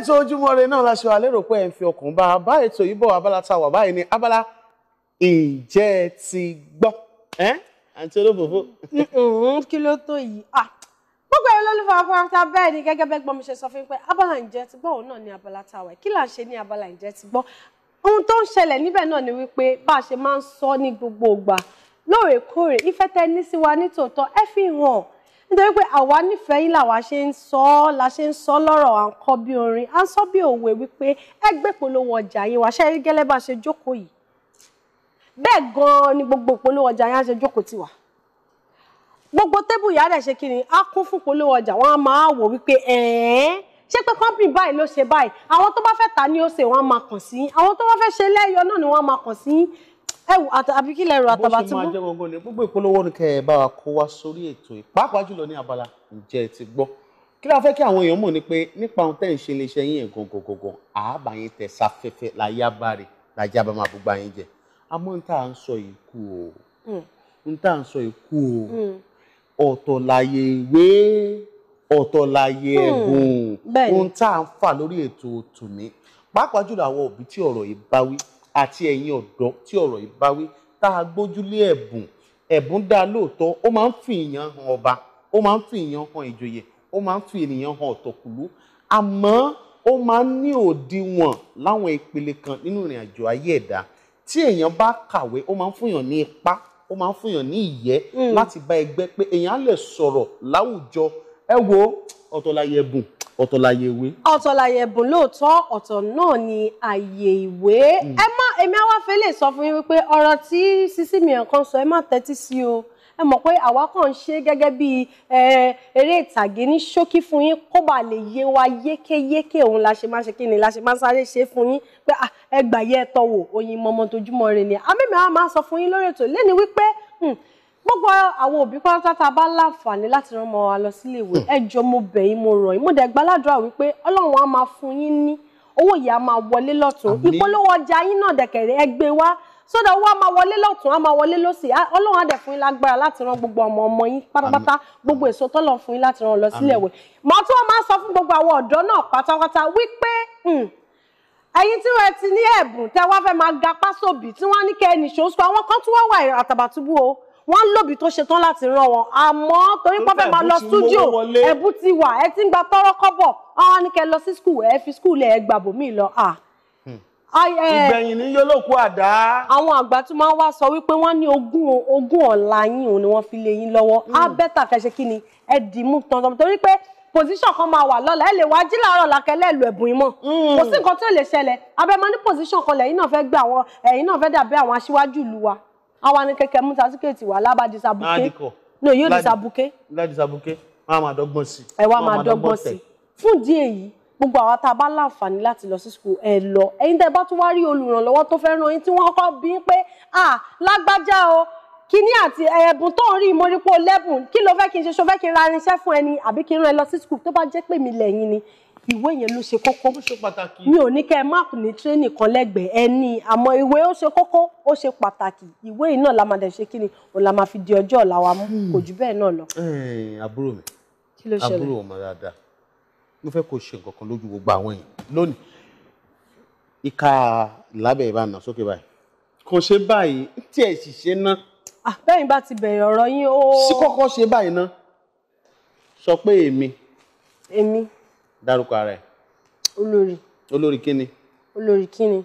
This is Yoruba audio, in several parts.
ètò ojúmọ́ ire náà la ṣe wà lérò pé ẹ̀ ń fi ọkàn bá a bá ètò yìí bọ̀ abala tá a wà báyìí ní abala ìjẹ́ ti gbọ́ àǹtí olófòfó. kí ló tó yìí ah, gbogbo ẹ̀rọ lólùfọ́ afárátá bẹ́ẹ̀ ni gẹ́gẹ́ bẹ́ẹ̀ gbọ́n mi ṣe sọ fún pé abala ìjẹ́ ti gbọ́ òun náà ní abala tá wà kí là ń ṣe ní abala ìjẹ́ ti gbọ́ ohun tó ń ṣẹlẹ̀ níbẹ̀ náà ni wípé bá a ṣe máa ń sọ ní gbogbo ìgbà lóòrèkóòrè ìfẹ́ tẹ́ ní sí wa nítòótọ́ ẹ fi hàn nítorí pé àwa nífẹ̀ẹ́ yín làwa ṣe ń sọ ọ́ la ṣe ń sọ lọ́rọ̀ à ń kọ́ bí orin à ń sọ bí òwe wípé ẹgbẹ́ polówó ọjà yìí wà ṣe rí gẹ́lẹ́ bá ṣe jókòó yìí bẹ́ẹ̀ gan-an ni gbogbo polówó ọjà yẹn á ṣe jókòó tiwa gbogbo tébù yàrá rẹ̀ ṣe kiri á kún fún polówó ọjà wọn á máa wò wípé ẹ̀ẹ́n ṣé pé company báyìí ló ṣe báyìí àwọn tó bá fẹ́ ta ni ó ṣe wọn á máa kàn sí àwọn tó bá fẹ́ ṣe lẹ́yọ náà ni wọ́n á máa kàn sí ẹ wò àbí kí lẹ rò Àtàbàtúbú. bó ṣe máa jẹ́ gangan ni gbogbo ìpolówó ni kẹ́ ẹ bá wa kó wa sórí ètò yìí pàápàá jùlọ ní abala ǹjẹ́ ẹ ti gbọ́ kí la fẹ́ kí àwọn èèyàn mọ̀ ni pé nípa ohun tẹ́ ń ṣe iléeṣẹ́ yín yẹn gangan àábà yín tẹ̀ sáfẹ́fẹ́ láyé abáre láyé abá máa gbogbo àyín jẹ àmọ́ ń tà ń sọ yìí kú o ń hmm. tà ń sọ yìí kú o hmm. ọ̀tọ̀ láyé ìwé ọ̀tọ̀ láyé hmm. ẹ̀bùn ohun tá ń fà lórí ètò tòní pàápàá jùlọ àwọn òbí tí ọ̀rọ̀ yìí bá wí àti ẹ̀yin ọ̀dọ́ tí ọ̀rọ̀ yìí bá wí tá a gbójúlé ẹ̀bùn ẹ̀bùn dá lóòótọ́ ó máa ń fi ìyàn hàn ọba ó máa ń fi ìyàn hàn ìjòyè ó máa ń fi ènìyàn hàn ọ̀tọ̀kùlú àmọ́ ó máa ń ní òdiwọ̀n láwọn ìpele kan nínú ìrìn àjò ayé ẹ̀dá tí èèyàn bá kàwé ó máa ń fúnyàn ní ipá ó máa ń fúnyàn ní ìyẹ́ hmm. láti bá ẹgbẹ́ pé èèyàn á lè sọ̀rọ̀ láwùjọ ẹ wo ọ̀tọ̀ ọ̀tọ̀ láyé ìwé. ọ̀tọ̀ láyé ẹ̀bùn lóòótọ́ ọ̀tọ̀ náà ni àyè ìwé. Mm. ẹ má èmi àwa fẹ́ lè sọ fún yín wípé ọ̀rọ̀ tí sísí mi kan sọ ẹ má tẹ́tí sí o ẹ mọ̀ pé àwa kàn ń ṣe gẹ́gẹ́ bí eré ìtàgé ní ṣókí fún yín kó bàa lè yé wa yékéyéké òun la ṣe máa ṣe kí ni la ṣe máa sáré ṣe fún yín pé ẹ yẹ ẹ tọ̀wọ̀ oyin mọmọ tojúmọ́ rẹ ni àmì mi àwa máa sọ fún yín lórí ètò lẹ́ni wípé hmm, gbogbo àwọn òbí pátá a bá láǹfààní láti rán ọmọ wa lọ sílé ìwé hmm. ẹ jọ̀ọ́ mo bẹ̀ yín mo rọ̀ yín mo dẹ̀ gbàládùra wípé Ọlọ́run á máa fún yín ní owó yìí á máa wọlé lọ́tún ìpolówó ọjà yín náà dẹ̀kẹ̀rẹ̀ ẹ gbé wá sódà owó a máa wọlé lọ́tún a máa wọlé lọ́sì Ọlọ́run á dẹ̀ fún yín lágbára láti rán gbogbo ọmọ ọmọ yín pátápátá gbogbo èso tọ́lọ̀ fún yín láti rán lọ sílé ìwé màá tún wọn máa sọ fún gbogbo àwọn ọ̀dọ́ náà pátápátá wípé hmm, ẹ̀yin tí wọ́n ti ní ẹ̀bùn tẹ́ wá fẹ́ máa ga pásóbì tí wọ́n ní kẹ́ ẹ nìṣó sọ àwọn kan tún wá wà àtàbàtúbú o wọ́n lòbí tó ṣetán láti rán wọn àmọ́ torí pọ́fẹ́ máa lọ studio ẹ̀bú ti wà ẹ ti ń gba tọ́rọ́ kọ́bọ̀ ọ̀hún ni kẹ́ lọ sí skul ẹ fi skul ẹ gbàbọ̀ mí lọ hmm. ìgbẹ̀yìn ni yóò lòkú àdá. àwọn àgbà tún máa ń wá sọ wípé wọ́n ní ogún ogún ọ̀la yín òun ni wọ́n fi lé yín lọ́wọ́ á hmm. bẹ́tà fẹ́ ṣe kí ni ẹ dì í mú tọ̀tọ̀ torí pé position kan máa wà lọ́la ẹ lè wá jí láàárọ̀ làkẹ́lẹ́ ìlú ẹ̀bùn ìmọ̀ hmm. kò sí nǹkan tó lè ṣẹlẹ̀ abẹ́ ní position kan lẹ́yìn náà fẹ́ gbé àwọn ẹ̀yìn náà fẹ́ dàbí àwọn aṣíwájú ìlú wa àwa ni kẹ̀kẹ́ mú sásíkèétì wà lába disabuke no yóò disabuke. láti disabuke wọn á máa dọ́gbọ́n sí. ẹ wá máa dọ́gbọ́n sí fún ìdí èyí gbogbo àwa tá a bá láǹfààní láti lọ sí school ẹ lọ ẹ̀yin tẹ́ bá tún wá rí olùrànlọ́wọ́ tó fẹ́ ràn yín tí wọ́n kọ́ bí pé à lágbájá o kíní àti ẹ̀bùn tó ń rí ìmọ̀rípò lẹ́bùn kí ló fẹ́ kí n ṣe ṣo fẹ́ kí n ra irinṣẹ́ fún ẹni àbí kí n rán ẹ lọ sí school tó bá jẹ́ pé mi lẹ́yìn ni ìwé yẹn ló ṣe kókó mi ò ní kẹ́ ẹ máàpù ní tírénì kan lẹ́gbẹ̀ẹ́ ẹni àmọ́ ìwé ó ṣe kókó ó ṣe pàtàkì ìwé yìí náà la máa dẹ̀ ṣe kí ni òun la máa fi di ọjọ́ ọ̀la wa mú hmm. kò jù bẹ́ẹ̀ náà lọ. Eh, àbúrò mi kí ló ṣẹlẹ̀ àbúrò ọmọ dáadáa mo fẹ́ kó ṣe nǹkan kan lójú gbogbo àwọn yìí lónìí ìka lábẹ́ ìbá nà sókè báyìí kò ṣe báyìí tí ẹ̀ sì ṣe ná. àbẹ́yìn ah, bá ti bẹ̀rẹ̀ ọ̀rọ̀ yín ó. sí kọ́kọ́ ṣe báyìí ná sọ pé èmi. èmi dárúkọ ara ẹ̀. olórí. olórí kíni. olórí kíni.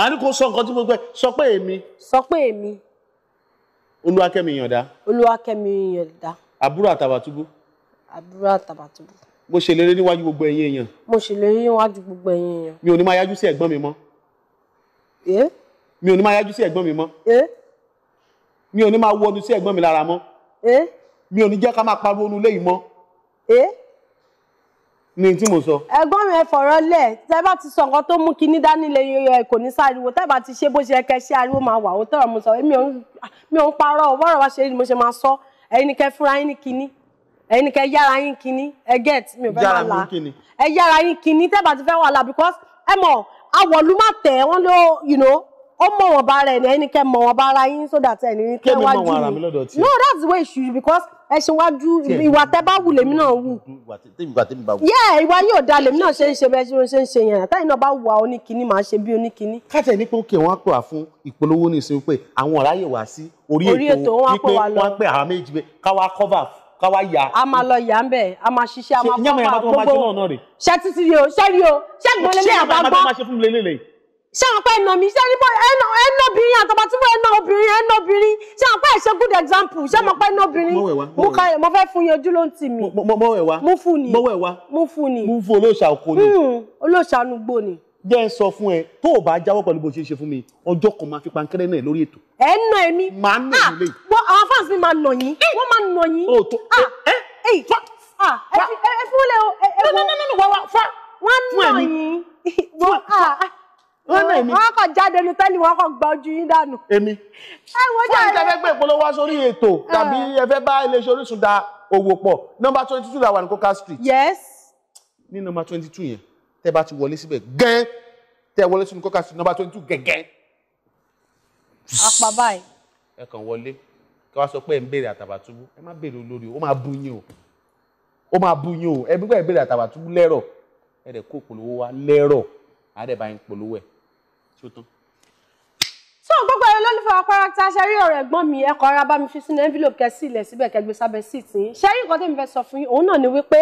a ní kó sọ nǹkan tí mo gbẹ sọ pé èmi. sọ pé èmi. olúwakẹ́mi yànda. olúwakẹ́mi yànda. àbúrò àtàbàtúbú. àbúrò àtàbàtúbú. mo ṣèlérí níwájú gbogbo ẹ̀yin èèyàn. mo ṣèlérí níwájú gbogbo ẹ̀yin èèyàn. mi ò ní máa yájú sí ẹ̀gbọ́n mi mọ́. ẹ. mi ò ní máa yájú sí ẹ̀gbọ́n mi mọ́. Ee? mi ò ní máa wọnu sí ẹ̀gbọ́n mi lára mọ́. ẹ. mi ò ní jẹ́ ká máa pariwo onú ilé yìí mọ́ ni tí mo sọ. ẹ̀gbọ́n mi ẹ fọ̀rọ̀ lẹ̀ tẹ́ bá ti sọ nǹkan tó mú kinní dání lè yọ ẹ kò ní sáriwo tẹ́ bá ti ṣe bó ṣe yẹ kẹ́ ariwo máa wà ó tọrọ mo sọ èmi ò ń parọ́ ọ bọ́rọ̀ wá ṣe ni mo ṣe máa sọ ẹ̀yin ni kẹ́ fúnra yín ní kinní ẹ̀yin ni kẹ́ yára yín kinní ẹ get mi ò fẹ́ máa la ẹ yára yín kinní tẹ́ bá ti fẹ́ wà la because ẹ mọ̀ awọ̀lú má tẹ̀ wọ́n ló ó mọ wọn bá ara ẹni ẹni kẹ mọ wọn bá ara yín so that ẹni kẹ wájú mi no that's the way it should be because ẹṣin wájú ìwà tẹ bá wù lèmi náà wù. yẹ ìwà yóò da lèmi náà ṣe ń ṣe bẹ ṣe ń ṣe yẹn àtàyìn náà bá wà oníkíní màá ṣe bí oníkíní. káàtẹ̀ ní pé ó kè wọ́n á pè wá fún ìpolówó ní ìsinmi pé àwọn ọ̀rá yè wá sí orí ètò wípé wọ́n pè àwọn méjì pé káwá cover káwá ya. a máa lọ yà ń bẹ̀ a máa ṣiṣẹ́ a máa fọ́ pa gbogbo ṣẹ́ títí rí o ṣẹ́ rí o ṣẹ́ gbọ́n lélẹ̀ àbá gbọ́ ṣàǹpẹ́ ẹ̀nà mi ṣe níbo ẹ̀nà ẹ̀nà obìnrin àtọ́ba tí wọ́n ẹ̀nà obìnrin ẹ̀nà obìnrin ṣàǹpẹ́ ẹ̀ṣẹ́ good example ṣé mo pẹ́ ẹ̀nà obìnrin mo ka ẹ̀ mo fẹ́ fún yín ojú ló ń tì mí. mọ wẹ̀ wá mú fún ni mọ wẹ̀ wá mú fún ni mú fún olóòṣà oko ni. Hmm, olóòṣà anugbo ni. jẹ́ ń sọ fún ẹ tó o bá jáwọ́ pẹ̀lú bó ṣe ṣe fún mi ọjọ́ kan máa fi pankẹ́rẹ́ náà lórí ètò. ẹ ń nà èmi. máa ń nà èmi ah, lẹ́yìn. àwọn fans mi máa nà yín eh! wọ́n máa nà yín. o tó ẹ ẹ ẹ fúnlẹ̀ o. wọ́n nà yín wọ́n náà èmi. wọ́n kàn jáde ní tẹ́lẹ̀ wọ́n kàn gba ojú yín dànù. èmi fún ẹ̀yin tẹ́fẹ́ gbé ìpolówó wá sórí ètò ah. tàbí ẹ fẹ́ bá iléeṣẹ́ Orísun da òwò pọ̀ nọ́mbà twenty two la wà ní Coca Street. yes. ní nọ́mbà twenty two yẹn tẹ́ bá ti wọlé síbẹ̀ gẹ́n tẹ́ wọlé sínú Coca Street nọ́mbà twenty two gẹ́gẹ́. apá báyìí. ẹ kàn wọlé kí wàá sọ pé ẹ ń béèrè Àtàbàtúbú ẹ má béèrè olórí o ó máa bú yín o ó máa bú yín o ẹ bí pẹ́ ẹ béèrè Àtàbàtúbú lẹ́rọ̀ ẹ dẹ̀ kó ìpolówó wá lẹ́rọ̀ àádẹ́ bá yín polówó ẹ̀ so gbogbo ẹ̀rọ lólùfẹ́ wa pátá ṣẹ́rí ọ̀rọ̀ ẹ̀gbọ́n mi ẹ̀kọ́ ara bá mi fi sínú envelope kẹsí ilẹ̀ síbẹ̀ kẹgbẹ́ sábẹ́ sí ti yín ṣẹ́rí nǹkan tí mo fẹ́ sọ fún yín òun náà ni wípé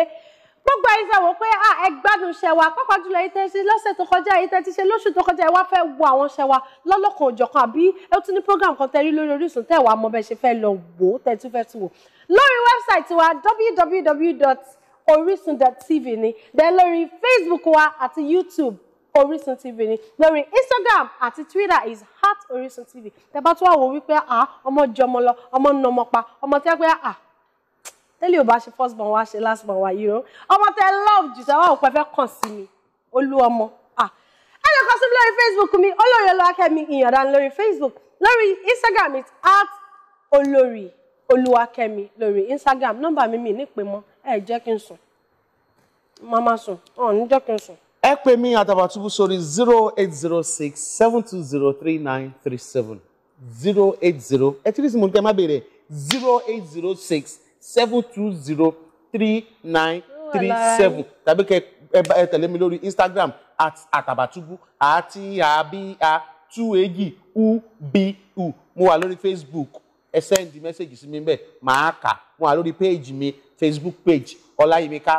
gbogbo ẹ̀yin sẹ́wọ̀n pé ẹ gbádùn iṣẹ́ wa pàápàá jùlọ ẹ̀yin tẹ́ ṣe lọ́sẹ̀ tó kọjá ẹ̀yin tẹ́ ti ṣe lóṣù tó kọjá ẹ wá fẹ́ wo àwọn iṣẹ́ wa lọ́lọ́kan òjọ̀kan àbí ẹ tún ní program kan tẹ́ rí lórí Orísun tẹ́ wàá mọ bẹ́ẹ̀ ṣe fẹ́ lọ wò ó tẹ́ tún fẹ́ tún wò lórí wẹ́bsáìtì wa www.orisun.tv ni Then lórí Facebook wa àti YouTube Orísun TV ni lórí Instagram àti Twitter is at Orísun TV tẹ́ bá tún wà wò wípé à ah, ọmọ jọmọ lọ ọmọ nọmọ pa ọmọ tẹ́ pé à ah, tẹ́lẹ̀ ò bá ṣe first born wá ṣe last born wá yìí o ọmọ tẹ́ love jù sẹ́wọ́n òpẹ́ fẹ́ kàn sí mi olú ọmọ à ah, ẹ lè sí mi lórí Facebook mi olórí Olúwakẹ́mi Ìyàndá lórí Facebook lórí Instagram is at olórí Olúwakẹ́mi lórí Instagram nọ́mbà mi mi nípe mọ́ ẹ jẹ́ kí n sùn màmá sùn ọ̀ ní jẹ́ kí n sùn ẹ pè mí Àtàbàtúbú sórí zero eight zero six seven two zero three nine three seven zero eight zero ẹ tí kìsìmù tẹ má béèrè zero eight zero six seven two zero three nine three seven tàbí kẹ ẹ tẹ̀lé mi lórí Instagram at Àtàbàtúbú àti àbíà two egi u b u mo wà lórí Facebook ẹ sẹ́ndì mẹ́sẹ̀gì sí mi bẹ́ẹ̀ màá kà mo wà lórí péèjì mi Facebook page Ọláyímiká.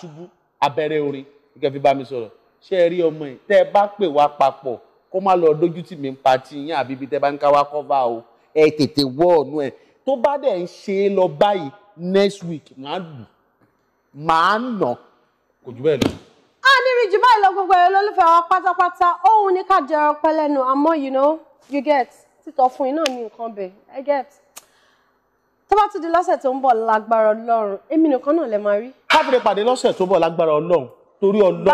kí ló abẹ́rẹ́ orin gẹ́gẹ́ fi bá mi sọ̀rọ̀ ṣé ẹ rí ọmọ yìí tẹ́ ẹ bá pè wá papọ̀ kó má lọ dójú tì mí ń pa ti yín àbí ibi tẹ́ bá ń ká wá kọ́fà o ẹ tètè wọ́ ọ̀nù ẹ̀ tó bá dẹ̀ ń ṣe é lọ báyìí next week màá lù màá nà kò jù bẹ́ẹ̀ lọ. a ní rí jù báyìí lọ gbogbo ẹ̀rọ lólùfẹ́ wa pátápátá òun ní ká jẹ ọpẹ́ lẹ́nu àmọ́ you know you get títọ́ fún iná ní nǹkan bẹ̀ ẹ get tó bá tún di lọ́sẹ̀ tó ń bọ̀ lágbára Ọlọ́run èmi nìkan náà lè máa rí tábìlì pàdé lọ́sẹ̀ tó bọ̀ lágbára ọlọ́run torí ọlọ́run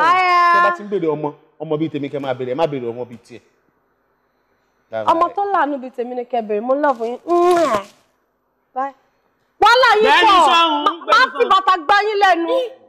tẹ́ bá ti ń béèrè ọmọ ọmọ bíi tèmi kẹ́ máa béèrè má béèrè ọmọ bíi tiẹ̀. ọmọ tó láàánú bíi tèmi ni kẹ́ béèrè mo lọ́ọ̀fù yín wàhálà yín pọ̀ máa fi bàtà gbá yín lẹ́nu.